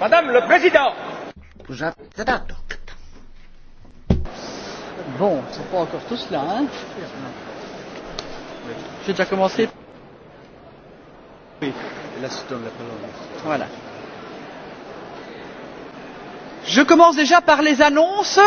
Madame le Président. Госпожа председателката. Bon, c'est pas encore tout cela, hein J'ai déjà commencé. Oui, et là, je donne la parole. Voilà. Je commence déjà par les annonces.